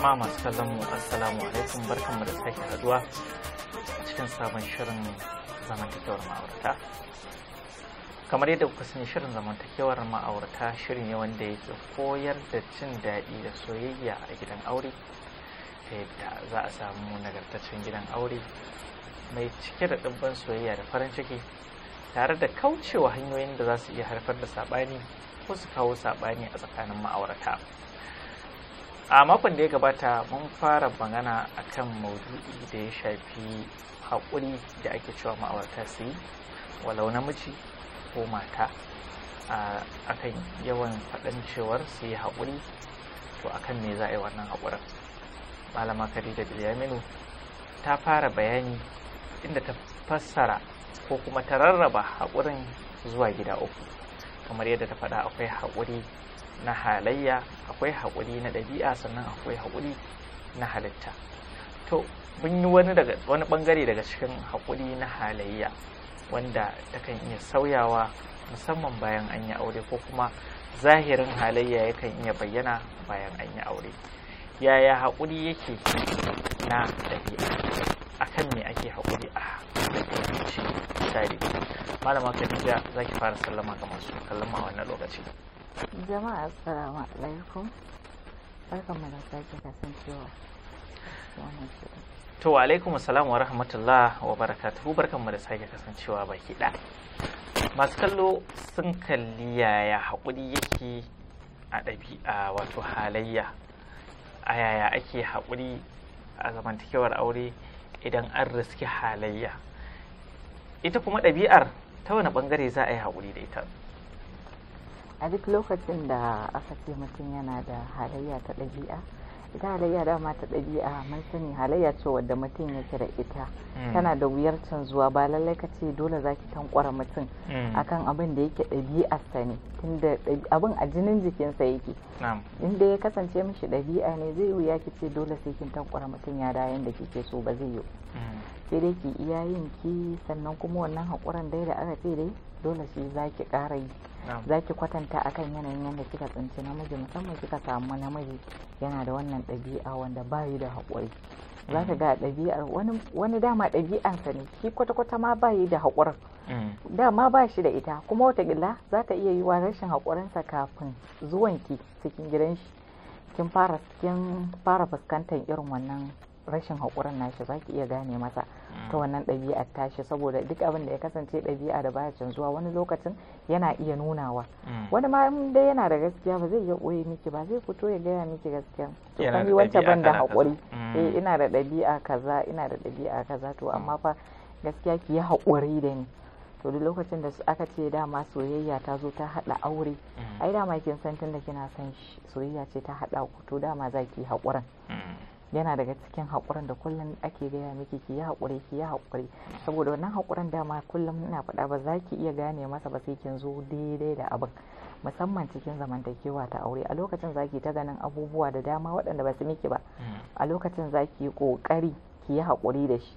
jama'a masu kallon mu assalamu alaikum barkanmu da sake haduwa cikin sabon shirin zamantakewar ma'aurata kamar yadda kuka sani shirin zamantakewar ma'aurata shiri ne wanda yake koyar da cin daɗi da soyayya a gidan aure ta yadda za a samu nagartaccen gidan aure mai cike da ɗimbin soyayya da farin ciki tare da kaucewa hanyoyin da za su iya haifar da saɓani ko su kawo saɓani a tsakanin ma'aurata a makon da ya gabata mun fara magana a kan maudu'i da ya shafi haƙuri da ake cewa ma'aurata su yi walau namiji ko mata a kan yawan faɗin cewar su yi haƙuri to a kan me za a yi wannan haƙurin malama khadija bilyaminu ta fara bayani inda ta fassara ko kuma ta rarraba haƙurin zuwa gida uku kamar yadda ta faɗa akwai haƙuri na halayya akwai haƙuri na ɗabi'a sannan akwai haƙuri na halitta to mun yi wani daga wani daga cikin haƙuri na halayya wanda takan iya sauyawa musamman bayan an yi aure ko kuma zahirin halayya yakan iya bayyana bayan an yi aure yaya haƙuri yake na ɗabi'a akan me ake haƙuri a ɗabi'ance misali malama kadija za ki fara sallama ga masu kallon a wannan lokaci jama'a assalamu alaikum mu da sake kasancewa to wa alaikum assalam wa rahmatullah wa barakatuhu mu da sake kasancewa baki ɗaya masu kallo sun kalli yaya haƙuri yake a ɗabi'a wato halayya a yaya ake haƙuri a zamantakewar aure idan an riski halayya ita kuma ɗabi'ar ta wani ɓangare za a yi haƙuri da ita a duk lokacin da aka ce mutum yana da halayya ta ɗabi'a ita halayya dama ta ɗabi'a mun sani halayya ce wadda mutum yake da ita mm. tana da wuyar canzuwa ba lallai ka ce dole za ki tankwara mutum mm. akan abin da yake sa ne tunda abin a jinin jikinsa yake inda ya kasance mishi ɗabi'a ne zai wuya ki ce dole sai kin tankwara mutum ya da yanda kike so ba zai yi mm. sai dai ki iya yin ki sannan kuma wannan haƙuran dai da aka ce dai dole shi zaki kara yi zaki kwatanta akan yanayin yadda kika tsinci namiji musamman kika samu namiji yana da wannan ɗabi'a wanda bayi da haƙuri za ka mm. ga ɗabi'ar wani dama ɗabi'ansa ne shi kwata-kwata ma bayi da haƙurin mm. dama ba shi da ita kuma watakila za ta iya yi wa rashin haƙurinsa kafin zuwanki cikin gidan shi kin fara fuskantar irin wannan rashin haƙurin nashi za ki iya gane masa ta mm. wannan ɗabi'ar tashi saboda duk abin da ya kasance ɗabi'a da baya canzuwa wani lokacin yana iya nunawa mm. wani ma in dai yana da gaskiya ba zai iya ɓoye miki ba zai fito ya gaya miki gaskiya to kan yi wacce ban da haƙuri mm. eh ina da ɗabi'a kaza ina da ɗabi'a kaza to amma fa gaskiya ki yi haƙuri da ni to duk lokacin da aka ce dama soyayya ta zo ta haɗa aure ai dama kin san tun da kina son soyayya ce ta haɗa ku to dama zaki yi haƙurin yana daga cikin haƙurin da kullum ake gaya miki ki yi haƙuri ki yi haƙuri saboda wannan haƙurin dama kullum ina faɗa ba za ki iya gane masa ba sai kin zo daidai da abin musamman cikin zamantakewa ta aure a lokacin zaki ta ganin abubuwa da dama waɗanda ba su miki ba a lokacin zaki yi ƙoƙari ki yi haƙuri da shi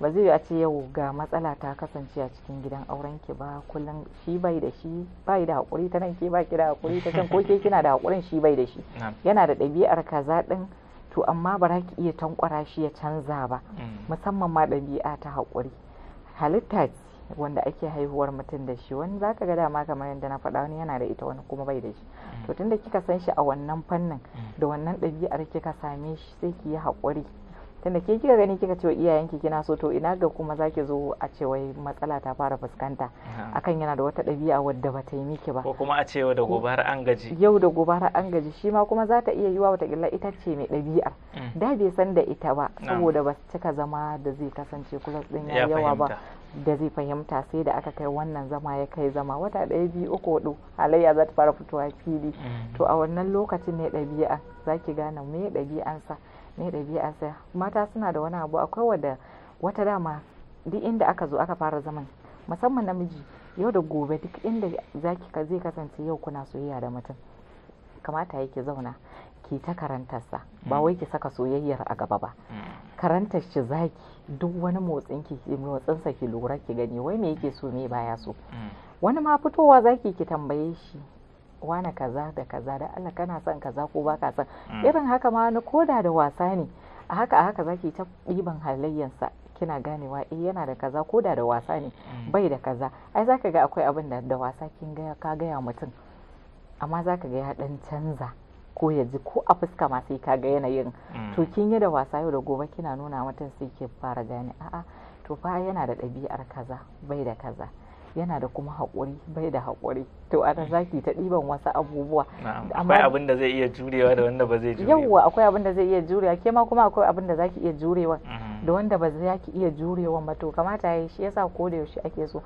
ba zai a ce yau ga matsala ta kasance a cikin gidan auren ki ba kullum shi bai da shi bai da haƙuri ta nan ke ba ki da haƙuri ta can ko ke kina da haƙurin shi bai da shi yana da ɗabi'ar kaza ɗin to amma ba ki iya tankwara shi ya canza ba mm. musamman ma ɗabi'a ta haƙuri halitta ce wanda ake haihuwar mutum da shi wani za ka ga dama kamar yadda na faɗa wani yana da ita wani kuma bai da shi mm. to tunda kika san shi a wannan fannin mm. da wannan ɗabi'ar kika same shi sai ki yi haƙuri tunda ke kika gani kika cewa iyayenki kina so to ina ga kuma zaki zo a ce wai matsala ta fara fuskanta akan yana da wata ɗabi'a wadda bata yi miki ba ko kuma a ce yau da gobe har an gaji yau da gobe har an gaji shi ma kuma zata iya yiwa wata gilla ita ce mai ɗabi'ar mm. da bai san da ita ba saboda ba cika zama da zai kasance kulas din yawa ba da zai fahimta sai da aka kai wannan zama ya kai zama wata ɗaya biyu uku hudu halayya za ta fara fitowa fili mm. to a wannan lokacin ne ɗabi'a zaki gane me ɗabi'ansa ne sai mata suna da wani abu akwai wadda wata dama duk inda aka zo aka fara zaman musamman namiji yau da gobe duk inda zaki ka zai kasance yau kuna soyayya da mutum kamata yake zauna ki ta karantarsa ba mm. wai ki saka soyayyar a gaba ba mm. karantar shi zaki duk wani motsin ki motsinsa ki lura ki gani wai me yake so me baya so mm. wani ma fitowa zaki ki tambaye shi wane kaza da kaza da Allah kana son kaza ko ba ka son mm. irin haka ma wani koda da wasa ne a haka a haka zaki ta ɗiban halayyansa kina ganewa eh yana da kaza koda da wasa ne mm. bai da kaza ai zaka ga akwai abin da da wasa kin ga ka gaya mutum amma zaka ga ya dan canza ko ya ji ko a fuska ma sai ka ga yanayin mm. to kin yi da wasa yau da gobe kina nuna mutum sai ke fara gane a'a to fa yana da ɗabi'ar kaza bai da kaza yana da kuma haƙuri bai da haƙuri to ana hmm. zaki ta ɗiban wasu abubuwa akwai abin da zai iya jurewa da wanda ba zai jurewa yawwa akwai abin da zai iya jurewa ke ma kuma akwai abin da zaki iya jurewa hmm. da wanda ba zai iya jurewa ba to kamata yayi shi yasa ko da yaushe ake so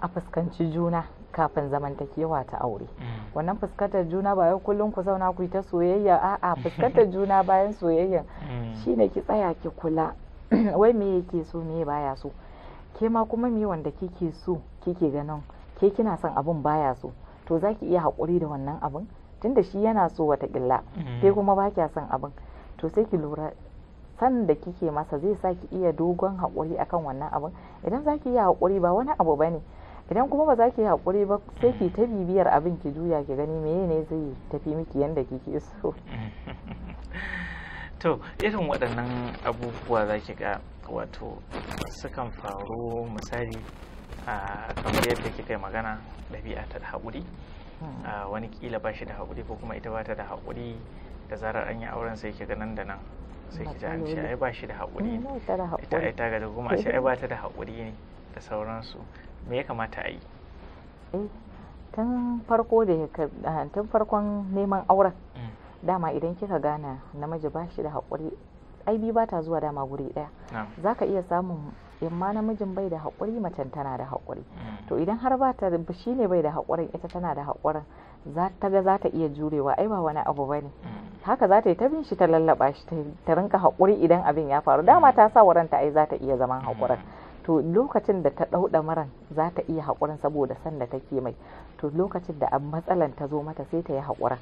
a fuskanci juna kafin zamantakewa ta aure hmm. wannan fuskantar juna bayan kullum ku zauna ku yi ta soyayya a'a fuskantar juna bayan soyayya shine ki tsaya ki kula wai me yake so me baya so ke ma kuma me wanda kike so kike ganin ke kina son abun baya so to zaki iya haƙuri da wannan abun tunda shi yana so wata killa mm. ke kuma ba kya son abun to sai ki lura san da kike masa zai sa ki iya dogon haƙuri akan wannan abun idan za ki iya haƙuri ba wani abu ba idan kuma ba za ki haƙuri ba sai ki ta bibiyar abin ki juya ki gani Me ne zai tafi miki yadda kike so to irin waɗannan abubuwa za ki ga wato sukan faru misali kamar yadda kika magana ɗabi'a ta da haƙuri hmm. wani kila ba shi da haƙuri ko kuma ita ba ta da haƙuri da zarar an yi auren sai ki nan da nan sai ki ji an ce ai ba shi da haƙuri ne mm, ita ai ta gaji kuma ce ai ba ta da haƙuri ne da sauransu me ya kamata a yi eh, tun farko da tun farkon neman auren hmm. dama idan kika gana namiji ba shi da haƙuri ai biyu ta zuwa dama guri daya ka iya samun ma namijin bai da haƙuri macen tana da haƙuri mm. to idan har ba ta shi ne bai da haƙurin ita tana da haƙurin ta ga za ta iya jurewa ai ba wani abu ba ne mm. haka za ta yi ta bin shi ta lallaɓa shi ta rinka haƙuri idan abin ya faru dama ta sa waranta ai za ta iya zaman mm. haƙurin to lokacin da ta ɗauɗa maran za ta iya haƙurin saboda san da take mai to lokacin da matsalan ta zo mata sai ta yi haƙurin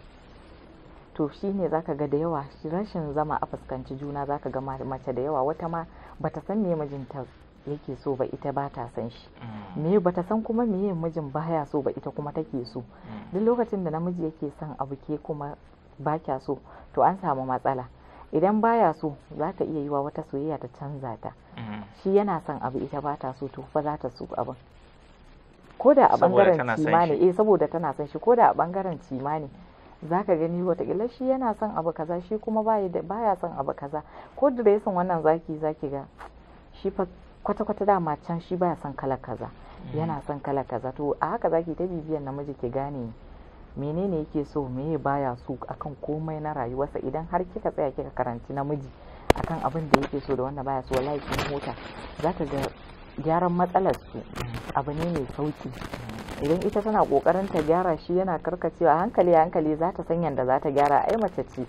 to shi shine zaka ga da yawa rashin zama a fuskanci juna zaka ga mace da yawa wata ma bata san me mijinta yake so ba ita ba ta san shi mm. me bata san kuma me mijin baya so ba ita kuma take so mm. duk lokacin da namiji yake son abu ke kuma ba kya so to an samu matsala idan baya so za ta iya yi wa wata soyayya ta canza ta mm. shi yana son abu ita ba ta so to fa za ta so abin ko da a bangaren cima eh saboda tana son shi ko da a bangaren cima za ka gani watakila shi yana son abu kaza shi kuma baya son abu kaza ko diresin wannan zaki zaki ga shi fa kwata-kwata dama can shi baya son kala kaza mm. yana son kala kaza to a haka zaki ta bibiyan namiji ki gane menene yake so meye baya so akan komai na rayuwarsa idan har kika tsaya kika karanci namiji akan abin da yake so da wanda baya so wallahi kin mota zaka ga gyaran matsalar su mm. abu ne mai sauki idan ita tana kokarin ta gyara shi yana karkacewa hankali hankali za ta san yadda za ta gyara ai mace ce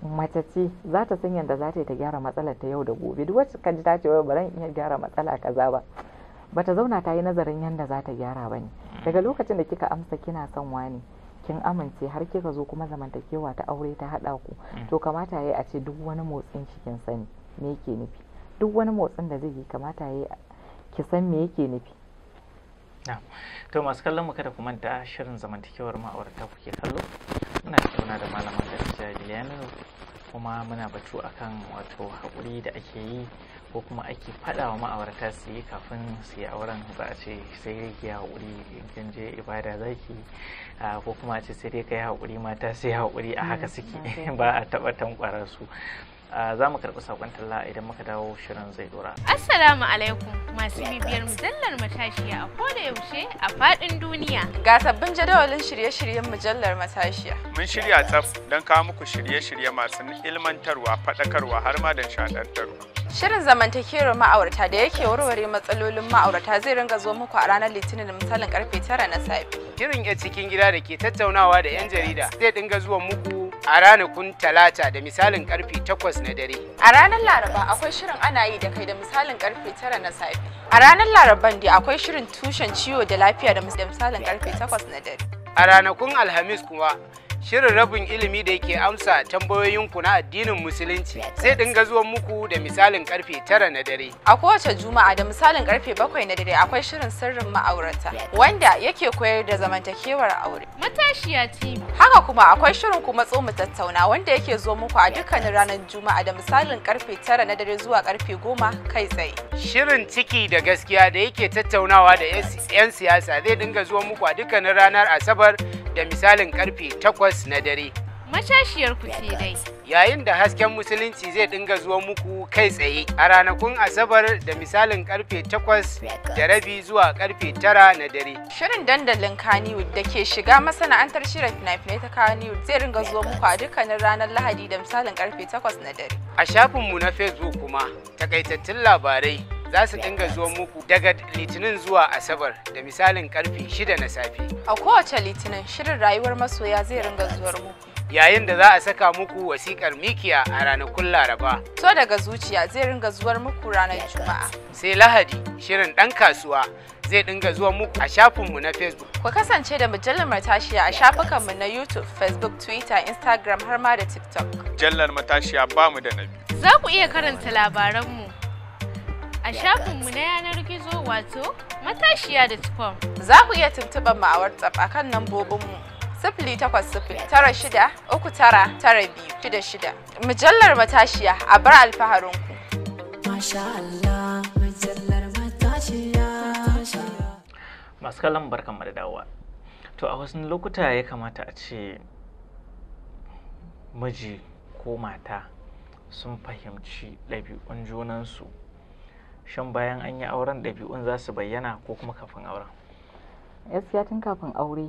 mace ce za ta san yadda za ta yi ta gyara matsalar ta yau da gobe duk wacce kaji ta ce wai ba iya gyara matsala kaza ba bata zauna ta yi nazarin yadda za ta gyara ba ne daga lokacin da kika amsa kina son wani kin amince har kika zo kuma zamantakewa ta aure ta hada ku mm. to kamata yayi a ce duk wani motsin shi sani me yake nufi duk wani motsin da zai yi kamata yayi ki san me yake nufi na to masu kallon mu kada ku manta shirin zamantakewar ma'aurata kuke kallo muna tattauna da malaman jiya Gilyaminu kuma muna batu akan wato hakuri da ake yi ko kuma ake faɗa wa ma'aurata su yi kafin su yi auren ba a ce sai dai ki haƙuri in kin je ibada zaki ko kuma a ce sai dai ka yi haƙuri mata sai hakuri a haka mm, suke ba a taɓa tankwara su za mu karɓi saƙon talla idan muka dawo shirin zai dora. Assalamu alaikum masu bibiyar mujallar matashiya a koda yaushe a faɗin duniya. Ga sabbin jadawalin shirye-shiryen mujallar matashiya. Mun shirya tsaf don kawo muku shirye-shirye masu ilmantarwa, faɗakarwa har ma da shaɗantarwa. Shirin zamantakewar ma'aurata da yake warware matsalolin ma'aurata zai ringa zo muku a ranar Litinin misalin karfe tara na safe. Shirin 'yan cikin gida da ke tattaunawa da 'yan jarida zai dinga zuwa muku a ranakun talata da misalin karfe 8 na dare. A ranar laraba akwai shirin ana yi da kai da misalin karfe tara na safe. A ranar laraban dai akwai shirin tushen ciwo da lafiya da misalin karfe 8 na dare. A ranakun alhamis kuma shirin rabin ilimi da yake amsa tambayoyinku na addinin musulunci zai dinga zuwa muku da misalin karfe tara na dare. A kowace juma'a da misalin karfe bakwai na dare akwai shirin sirrin ma'aurata wanda yake koyar da zamantakewar aure. Matashiya TV. Haka kuma akwai shirin kuma tso mu tattauna wanda yake zo muku a dukkanin ranar juma'a da misalin karfe tara na dare zuwa karfe goma kai tsaye. Shirin ciki da gaskiya da yake tattaunawa da 'yan siyasa zai dinga zuwa muku a dukkanin ranar asabar da misalin karfe takwas takwas na dare. Mashashiyar ku dai. Yayin da hasken musulunci zai dinga zuwa muku kai tsaye a ranakun Asabar da misalin karfe takwas da rabi zuwa karfe tara na dare. Shirin dandalin Kannywood da ke shiga masana'antar shirin fina-finai ta Kannywood zai ringa zuwa muku a dukkanin ranar Lahadi da misalin karfe takwas na dare. A shafinmu na Facebook kuma takaitattun labarai za su dinga zo muku daga litinin zuwa asabar da misalin karfe shida na safe. A kowace litinin shirin rayuwar masoya zai ringa zuwar muku. Yayin da za a saka muku wasikar mikiya a ranakun Laraba. To daga zuciya zai ringa zuwar muku ranar Juma'a. Sai Lahadi shirin ɗan kasuwa zai dinga zuwa muku a shafinmu na Facebook. Ku kasance da mujallar matashiya a shafukanmu na YouTube, Facebook, Twitter, Instagram har ma da TikTok. Mujallar matashiya ba mu da nabi. Za ku iya karanta labaranmu a shafinmu na yanar gizo wato matashiya da tukom. Za ku iya tuntuɓar mu a WhatsApp a kan lambobinmu. Sifili takwas sifili tara shida uku tara tara biyu shida shida. Mujallar matashiya a bar alfaharinku. Masha Allah, mujallar matashiya. Masu kallon barkan madadawa To a wasu lokuta ya kamata a ce miji ko mata sun fahimci ɗabi'un junansu. shan bayan an yi auren ɗabi'un za su bayyana ko kuma kafin auren gaskiya tun kafin aure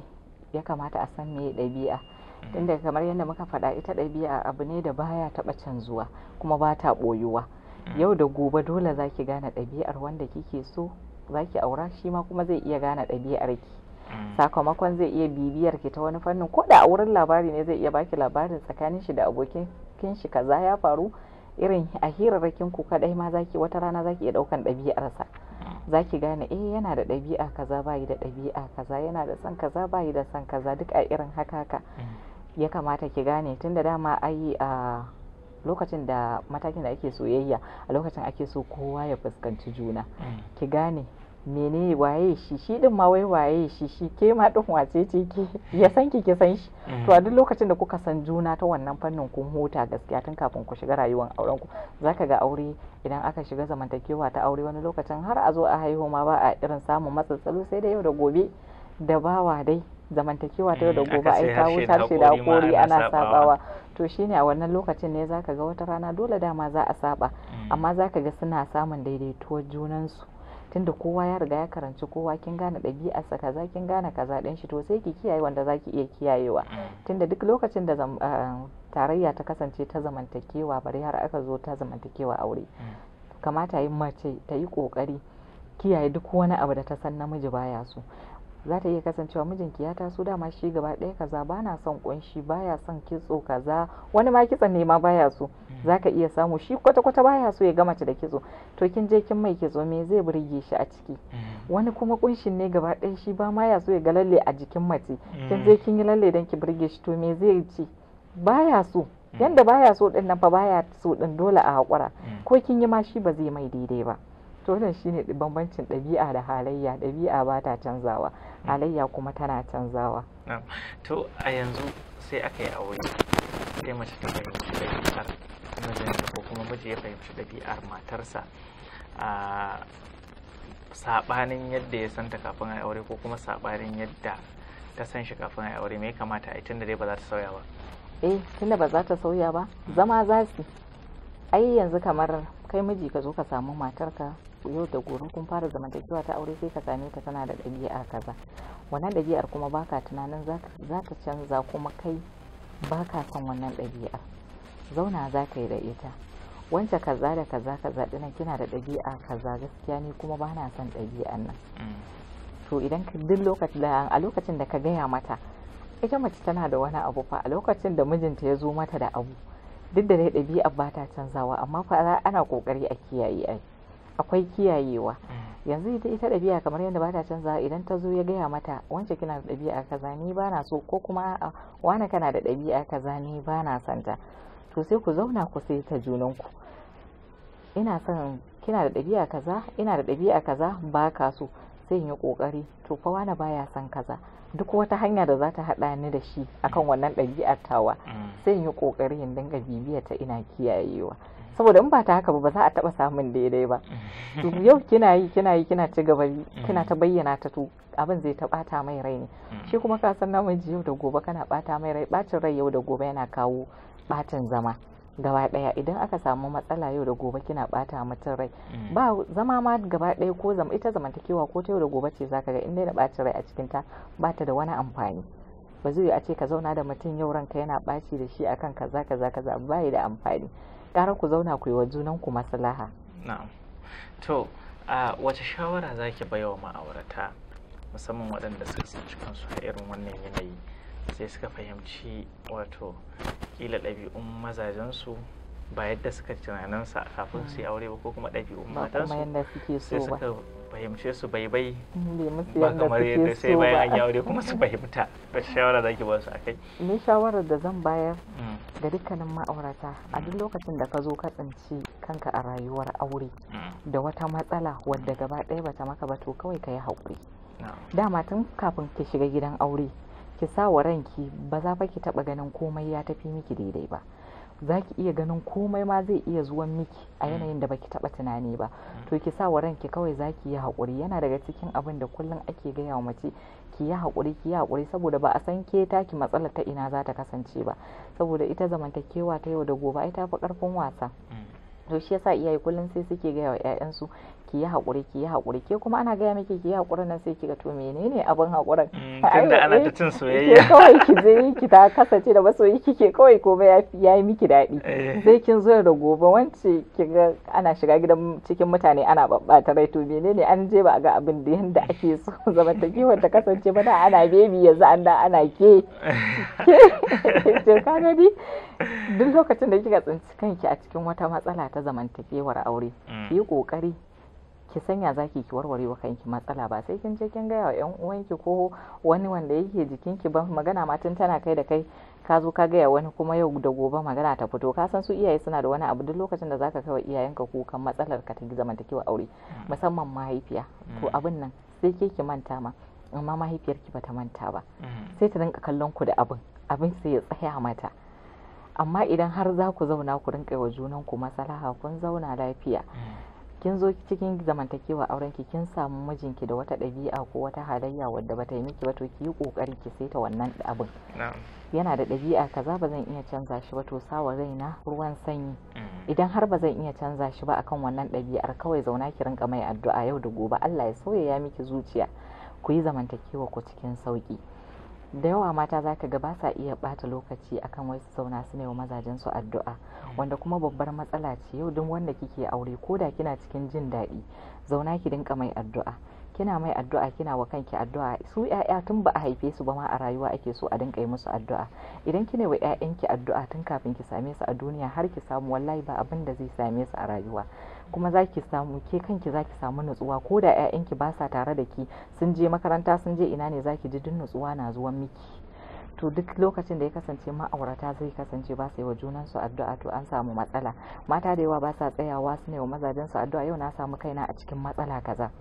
ya kamata a san meye ɗabi'a tunda kamar yadda muka faɗa ita ɗabi'a abu ne da baya taɓa canzuwa kuma ba ta ɓoyuwa mm. yau da gobe dole za ki gane ɗabi'ar wanda kike so za ki aura shi ma kuma zai iya gane ɗabi'ar ki mm. sakamakon zai iya bibiyar ki ta wani fannin ko da a wurin labari ne zai iya baki labarin tsakanin shi da abokin kin shi kaza ya faru irin a hirarrakin ku kadai ma zaki wata rana zaki iya daukan ɗabi'arsa zaki gane eh yana da ɗabi'a kaza bayi da ɗabi'a kaza yana da san kaza bayi da san kaza duk a irin haka haka mm. ya kamata ki gane tunda dama ai a lokacin da matakin da ake soyayya a lokacin ake so kowa ya fuskanci juna mm. ki gane mene waye shi shi din ma wai waye shi shi ke ma din wace ce ke ya san ki ki san shi mm. to a duk lokacin da kuka san juna ta wannan fannin kun huta gaskiya tun kafin ku shiga rayuwar auren ku zaka ga aure idan aka shiga zamantakewa ta aure wani lokacin har a zo a haihu ma ba a irin samun matsatsalo sai da yau da gobe da bawa dai zamantakewa ta yau da mm, gobe ai ta wuta ce da kori ana sabawa to shine a wannan lokacin ne zaka ga wata rana dole dama za a saba mm. amma zaka ga suna samun daidaituwar junansu tunda kowa ya riga ya karanci kowa kin gane ɗabi'arsa kaza kin gane kaza ɗin shi to sai ki kiyaye wanda za ki iya kiyayewa tunda duk lokacin da eh, tarayya ta kasance ta zamantakewa bari har aka zo ta zamantakewa aure kamata yi mace ta yi ƙoƙari kiyaye duk wani abu da ta san namiji baya so za ta iya kasancewa mijinki ya taso dama shi gaba ɗaya kaza ba na son kunshi baya son kitso kaza wani ma kitson ne ma baya so hmm. za ka iya samu shi kwata-kwata baya so ya gama ta da kitso to kin je kin mai kitso me zai burge shi a ciki hmm. wani kuma ƙunshin ne gaba ɗaya shi ba ma ya so ya ga lalle a jikin mace kin je hmm. kin yi lalle don ki burge shi to me zai ci baya so yanda baya so din nan fa baya so ɗin dole a haƙura ko kin yi ma shi ba zai mai daidai ba to shine bambancin ɗabi'a da halayya ɗabi'a ba ta canzawa hmm. halayya kuma tana canzawa to a yanzu sai aka yi aure sai mace ta fahimci ɗabi'ar mijinta ko kuma miji ya fahimci ɗabi'ar matarsa a saɓanin yadda ya santa kafin a aure ko kuma saɓanin yadda ta san shi kafin a aure me kamata a tunda dai ba za ta sauya ba eh tunda ba za ta sauya ba zama za su ai yanzu kamar kai miji ka zo ka samu matarka yau da gobe kun fara zamantakewa ta aure sai ka same ta tana da ɗabi'a kaza wannan ɗabi'ar kuma baka tunanin za ta canza kuma kai baka son wannan ɗabi'ar zauna za ka yi da ita wancan kaza da kaza kaza na kina da ɗabi'a kaza gaskiya ne kuma bana son ɗabi'an nan mm. to idan ka duk lokacin da a lokacin da ka gaya mata ita mace tana da wani abu fa a lokacin da mijinta ya zo mata da abu duk da dai ɗabi'a ba ta canzawa amma fa ana kokari a kiyaye ai akwai kiyayewa mm. yanzu ita ɗabi'a kamar yadda ba ta canza idan ta zo ya gaya mata wance kina da ɗabi'a kaza ni ba na so ko kuma a'a wane kana da ɗabi'a kaza ni ba na santa to sai ku zauna ku sai ta junanku ina son kina da ɗabi'a kaza ina da ɗabi'a kaza ba ka so sai yi kokari to fa wane baya son kaza duk wata hanya da za ta haɗa ni da shi akan mm. wannan ɗabi'ar tawa mm. sai yi kokari in dinga bibiyar ta ina kiyayewa saboda in ba ta haka ba za a taba samun daidai ba to yau kina yi kina yi kina ci gaba kina mm. ta bayyana ta to abin zai ta bata mai rai ne mm. shi kuma ka san namiji yau da gobe kana bata mai rai bacin rai yau da gobe yana kawo bacin zama gaba daya idan aka samu matsala yau da gobe kina bata mutum rai mm. ba zama ma gaba daya ko zama ita zamantakewa ko ta yau da gobe ce zaka ga inda dai da bacin rai a cikin ta bata da wani amfani ba zai a ce ka zauna da mutum yau ranka yana baci da shi akan kaza kaza kaza yi da amfani gara ku zauna ku yi wa junanku maslaha na'am to a wace shawara za ki bai wa ma'aurata musamman waɗanda suka tsinci kansu a irin wannan yanayi sai suka fahimci wato kila ɗabi'un mazajensu ba yadda suka tunaninsa kafin su yi aure ba ko kuma ɗabi'un matansu sai suka fahimce su baibai ba kamar yadda sai bayan an yaure kuma su fahimta da shawara da ke ba su akai ni shawarar da zan bayar mm. ga dukkanin ma'aurata a duk lokacin da ka zo ka tsinci kanka a rayuwar aure mm. da wata matsala wadda gaba ɗaya bata maka ba to kawai ka yi haƙuri dama tun kafin ki shiga gidan aure ki sa wa ranki ba za fa ki taɓa ganin komai ya tafi miki daidai ba za ki iya ganin komai ma zai iya zuwan miki a mm. yanayin da baki taba tunani ba mm. to ki sa wa ranki kawai za ki yi hakuri yana daga cikin abin da kullum ake gaya wa mace ki yi haƙuri ki yi haƙuri saboda ba a san ke taki matsalar ta ina za ta kasance ba saboda ita zamantakewa ta yau da gobe ai ta fi ƙarfin wasa mm. to shi yasa iyaye kullum sai suke gaya wa 'ya'yansu ki yi haƙuri ki yi haƙuri ke kuma ana gaya miki ki yi haƙuri nan sai kiga to menene abin haƙurin mm, tunda ana ta cin eh, soyayya kawai ki je ki ta kasance da masoyi kike kawai komai ya yi miki daɗi eh. sai kin zo da gobe wance ga ana shiga gidan cikin mutane ana babbata rai to menene an je ba a ga abin da yanda ake so zamantakewar ta kasance ba da ana bebi yanzu an da ana ke ka gani duk lokacin da kika tsinci kanki a cikin wata matsala ta zamantakewar aure mm. ki yi kokari ki sanya zaki ki warware wa kanki matsala ba sai kin je kin gaya wa yan uwanki ko wani wanda yake jikinki ba magana ma tun tana kai da kai ka zo ka gaya wani kuma yau da gobe magana ta fito ka san su iyaye suna da wani abu duk lokacin da zaka kai wa iyayenka kukan matsalar ka ta zamantakewa aure mm. musamman mahaifiya to mm. abin nan sai ke ki manta ma amma mahaifiyarki bata manta ba mm. sai ta rinka kallon ku da abin abin sai ya tsaya mata amma idan har za ku zauna ku rinka wa junan ku masalaha kun zauna lafiya kin zo cikin zamantakewa auren ki kin samu mijinki da wata ɗabi'a ko wata halayya wadda ba ta yi miki ba to ki yi kokari ki saita wannan abin yana da ɗabi'a kaza ba zan iya canza shi ba to sawa raina ruwan sanyi mm. idan har ba zan iya canza shi ba akan wannan ɗabi'ar kawai zauna ki rinka mai addu'a yau da gobe Allah ya sauya ya miki zuciya ku yi zamantakewa ku cikin sauki da yawa mata za ka ga ba sa iya ɓata lokaci akan wasu zauna su ne wa mazajen su addu'a wanda kuma babbar matsala ce yau duk wanda kike aure ko da kina cikin jin daɗi zauna ki dinka mai addu'a kina mai addu'a kina wa kanki addu'a su yaya tun ba a haife su ba ma a rayuwa ake so a dinka yi musu addu'a idan kina wa yayanki addu'a tun kafin ki same su a duniya har ki samu wallahi ba abin da zai same su a rayuwa kuma za ki samu ke kanki zaki samu nutsuwa ko da 'ya'yanki ba sa tare da ki sun je makaranta sun je ina ne zaki ji duk nutsuwa na zuwan miki to duk lokacin da ya kasance ma'aurata zai kasance ba su yi wa junansu addu'a to an samu matsala mata da yawa ba sa tsayawa su ne wa mazajensu addu'a yau na samu kaina a cikin matsala kaza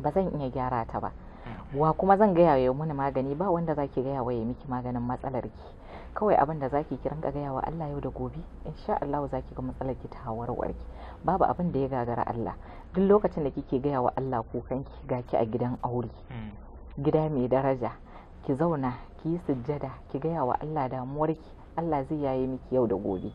ba zan iya gyara ta ba mm. wa kuma zan gaya wa magani ba wanda zaki gaya wa ya miki maganin matsalar ki kawai abin da zaki kiran ka gaya wa Allah yau da gobe insha Allah zaki ga matsalar ki ta warware ki babu abin da ya gagara Allah duk lokacin da kike gaya wa Allah kukan ki ga ki a gidan aure mm. gida mai daraja ki zauna ki yi sujjada ki gaya wa Allah damuwar ki Allah zai yaye miki yau da gobe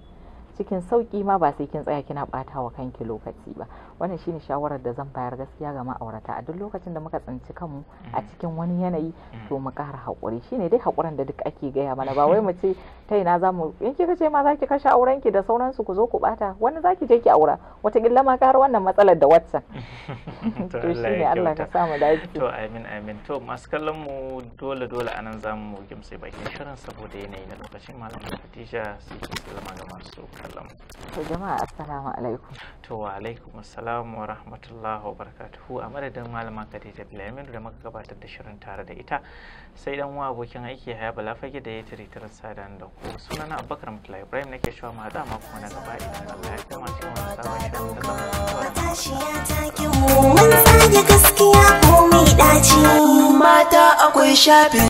cikin sauki ma ba sai kin tsaya kina bata wa kanki lokaci ba wannan shine shawarar da zan bayar gaskiya ga ma'aurata a duk lokacin da muka tsinci kanmu a mm. cikin wani yanayi mm. to mu ƙara haƙuri shine dai haƙurin da duk ake gaya mana ba wai mu ce ta ina za mu in kika ce ma za ki kashe aurenki da sauransu ku zo ku bata wani za ki je ki aura wataƙila ma har wannan matsalar da watsan to shine Allah ka sa mu dace to amin amin to masu kallon mu dole dole anan za mu gimse bakin shirin saboda yanayi na lokacin malam Khadija sai ki sallama ga masu kallon to jama'a assalamu alaikum to wa alaikum assalam assalamu wa rahmatullahi wa barakatuhu a madadin malama Khadija Bilamin da muka gabatar da shirin tare da ita sai dan wa abokin aiki Haya Balafage da ya tiri sadan da ku sunan Abubakar Mutla Ibrahim nake cewa ma da ma kuma na gaba idan Allah ya kama shi wannan sabon shirin da zama Mata akwai